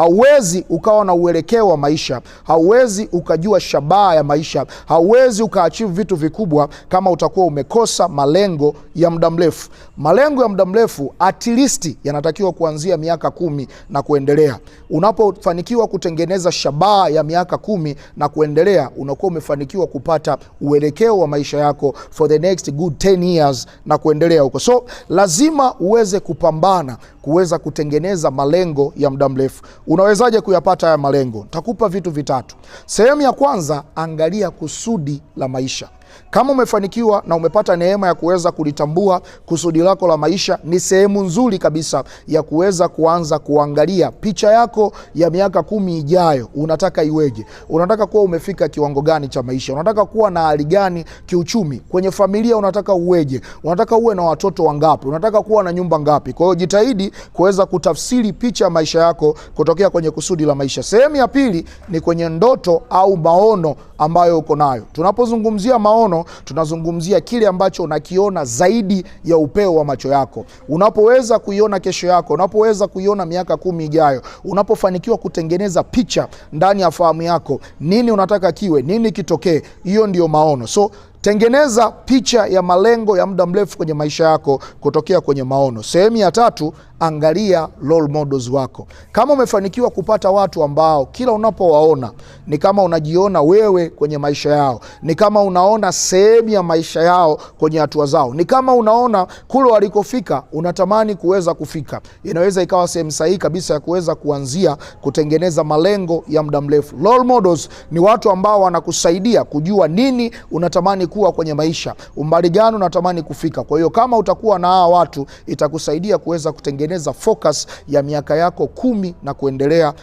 Hauwezi ukawa na uelekeo wa maisha, hauwezi ukajua shabaha ya maisha, hauwezi ukaachivu vitu vikubwa kama utakuwa umekosa malengo ya muda mrefu. Malengo ya muda mrefu at least yanatakiwa kuanzia miaka kumi na kuendelea. Unapofanikiwa kutengeneza shabaha ya miaka kumi na kuendelea, unakuwa umefanikiwa kupata uelekeo wa maisha yako for the next good 10 years na kuendelea huko, so lazima uweze kupambana kuweza kutengeneza malengo ya muda mrefu. Unawezaje kuyapata haya malengo? Takupa vitu vitatu. Sehemu ya kwanza, angalia kusudi la maisha. Kama umefanikiwa na umepata neema ya kuweza kulitambua kusudi lako la maisha, ni sehemu nzuri kabisa ya kuweza kuanza kuangalia picha yako ya miaka kumi ijayo. Unataka iweje? Unataka kuwa umefika kiwango gani cha maisha? Unataka kuwa na hali gani kiuchumi? Kwenye familia unataka uweje? Unataka uwe na watoto wangapi? Unataka kuwa na nyumba ngapi? Kwa hiyo jitahidi kuweza kutafsiri picha ya maisha yako kutokea kwenye kusudi la maisha. Sehemu ya pili ni kwenye ndoto au maono ambayo uko nayo. Tunapozungumzia maono maono tunazungumzia kile ambacho unakiona zaidi ya upeo wa macho yako. Unapoweza kuiona kesho yako, unapoweza kuiona miaka kumi ijayo, unapofanikiwa kutengeneza picha ndani ya fahamu yako, nini unataka kiwe, nini kitokee, hiyo ndio maono. So Tengeneza picha ya malengo ya muda mrefu kwenye maisha yako kutokea kwenye maono. Sehemu ya tatu, angalia role models wako. Kama umefanikiwa kupata watu ambao kila unapowaona ni kama unajiona wewe kwenye maisha yao, ni kama unaona sehemu ya maisha yao kwenye hatua zao, ni kama unaona kule walikofika, unatamani kuweza kufika, inaweza ikawa sehemu sahihi kabisa ya kuweza kuanzia kutengeneza malengo ya muda mrefu. Role models ni watu ambao wanakusaidia kujua nini unatamani kuwa kwenye maisha, umbali gani unatamani kufika. Kwa hiyo kama utakuwa na hawa watu, itakusaidia kuweza kutengeneza focus ya miaka yako kumi na kuendelea.